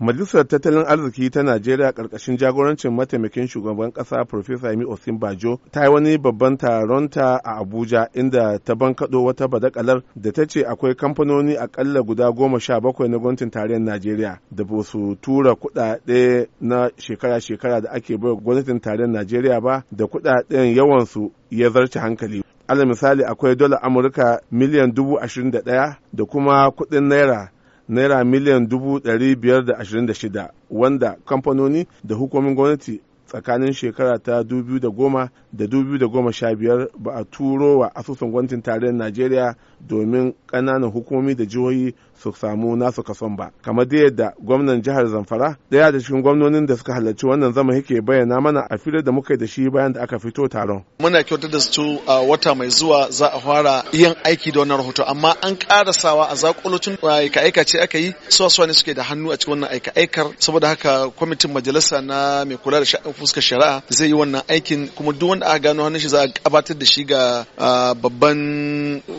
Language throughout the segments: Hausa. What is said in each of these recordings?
Majalisar Tattalin Arziki ta Najeriya ƙarƙashin jagorancin mataimakin shugaban ƙasa Profesa Yemi Osinbajo ta yi wani babban taronta a Abuja inda ta bankaɗo wata badakalar da ta ce akwai kamfanoni aƙalla guda goma sha bakwai na gwamnatin tarayyar Najeriya da ba su tura kuɗaɗe na shekara-shekara da ake bai gwamnatin tarayyar Najeriya ba da kuɗaɗen yawansu ya zarce hankali. Alal misali akwai dola Amurka miliyan dubu ashirin da ɗaya da kuma kuɗin naira naira miliyan dubu ɗari biyar da ashirin da shida wanda kamfanoni da hukumomin gwamnati tsakanin shekara ta 2010 da 2015 ba a turo wa asusun gwamnatin tarayyar najeriya domin kananan hukumomi da jihohi su samu nasu kason ba kamar da yadda gwamnan jihar zamfara daya da cikin gwamnonin da suka halarci wannan zama yake bayyana mana a filin da muka yi da shi bayan da aka fito taron muna kyautar da su a wata mai zuwa za a fara yin aiki da wannan rahoto amma an karasawa a zakulocin aika-aika ce aka yi suwa ne suke da hannu a cikin wannan aika-aikar saboda haka kwamitin majalisa na mai kula da sha'anin fuskar shari'a zai yi wannan aikin kuma duk wanda aka gano hannun shi za a gabatar da shi ga babban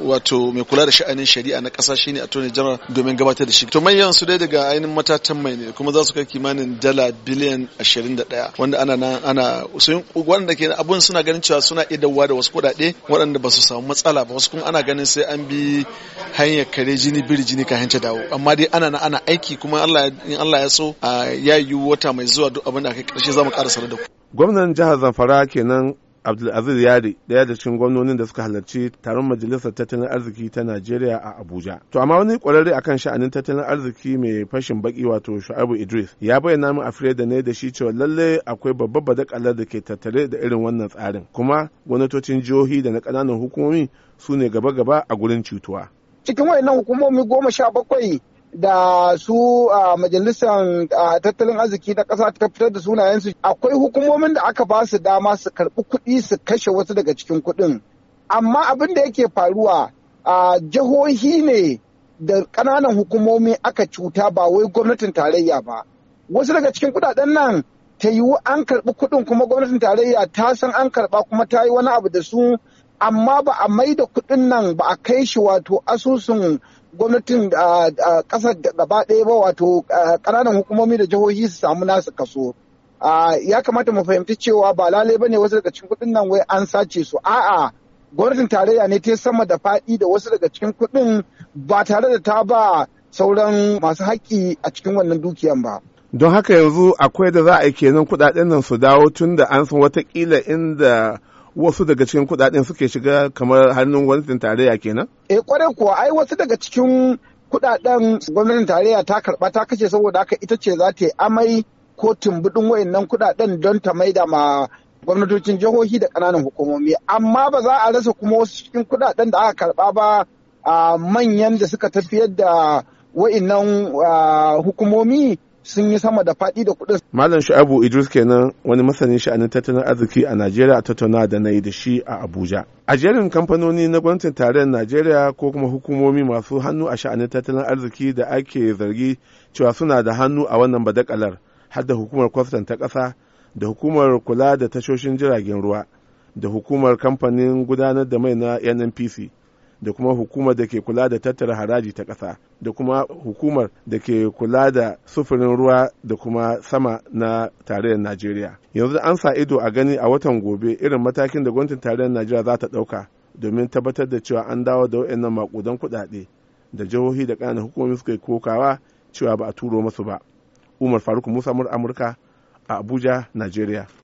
wato mai kula da sha'anin shari'a na ƙasa shine attorney general domin gabatar da shi to manyan su dai daga ainihin matatan mai ne kuma za su kai kimanin dala biliyan 21 wanda ana nan ana sun wanda ke abun suna ganin cewa suna iya da wasu kuɗaɗe waɗanda ba su samu matsala ba wasu kuma ana ganin sai an bi hanyar kare jini biri jini ka hanci dawo amma dai ana ana aiki kuma Allah in Allah ya so ya yi wata mai zuwa duk abin da aka karshe mu ƙara da ku. Gwamnan jihar Zamfara kenan Abdulaziz Yari ɗaya da cikin gwamnonin da suka halarci taron majalisar tattalin arziki ta Najeriya a Abuja. To amma wani kwararre akan sha'anin tattalin arziki mai fashin baki wato Shu'abu Idris ya bayyana min afire da ne da shi cewa lalle akwai babbar badakalar da ke tattare da irin wannan tsarin kuma gwamnatocin jihohi da na kananan hukumomi su ne gaba-gaba a gurin cutuwa. Cikin wayannan hukumomi goma sha bakwai da su a majalisar tattalin arziki na ƙasa ta fitar da sunayensu akwai hukumomin da aka ba su dama su karɓi kuɗi su kashe wasu daga cikin kuɗin amma abin da yake faruwa a jihohi ne da ƙananan hukumomi aka cuta ba wai gwamnatin tarayya ba wasu daga cikin kuɗaɗen nan ta yiwu an karɓi kuɗin kuma gwamnatin tarayya ta san an karɓa kuma ta yi wani abu da su amma ba a mai da kuɗin nan ba a kai shi wato asusun gwamnatin ƙasa gaba ɗaya ba wato ƙananan hukumomi da jihohi su samu nasu kaso ya kamata mu fahimci cewa ba lalai ba ne wasu daga cikin kuɗin nan wai an sace su a'a gwamnatin tarayya ne ta sama da faɗi da wasu daga cikin kuɗin ba tare da ta ba sauran masu haƙƙi a cikin wannan dukiyan ba. Don haka yanzu akwai da za a yi kenan kuɗaɗen nan su dawo tun da an san watakila inda wasu daga cikin kudaden suke shiga kamar hannun gwamnatin tarayya kenan? Eh kwarai kuwa ai wasu daga cikin kuɗaɗen gwamnatin tarayya ta karba ta kashe saboda haka ita ce za ta yi amai ko tumbudin wayannan kuɗaɗen, don ta maida ma gwamnatocin jihohi da ƙananan hukumomi amma ba za a rasa kuma wasu cikin kuɗaɗen da aka karɓa ba a manyan da suka tafiyar da wayannan hukumomi sun yi sama da faɗi da kuɗin. Malam Shu'abu Idris kenan wani masanin sha'anin tattalin arziki a Najeriya a tattauna da na yi da shi a Abuja. A jerin kamfanoni na gwamnatin tarayyar Najeriya ko kuma hukumomi masu hannu a sha'anin tattalin arziki da ake zargi cewa suna da hannu a wannan badakalar har da hukumar kwastan ta ƙasa da hukumar kula da tashoshin jiragen ruwa da hukumar kamfanin gudanar da mai na NNPC. da kuma hukumar da ke kula da tattara haraji ta ƙasa da kuma hukumar da ke kula da sufurin ruwa da kuma sama na tarayyar najeriya yanzu an sa ido a gani a watan gobe irin matakin da gwamnatin tarayyar najeriya za ta ɗauka domin tabbatar da cewa an dawo da waɗannan makudan kuɗaɗe da jihohi da ƙananan hukumomi suka yi kokawa cewa ba a turo musu ba umar faruk musa mur amurka a abuja najeriya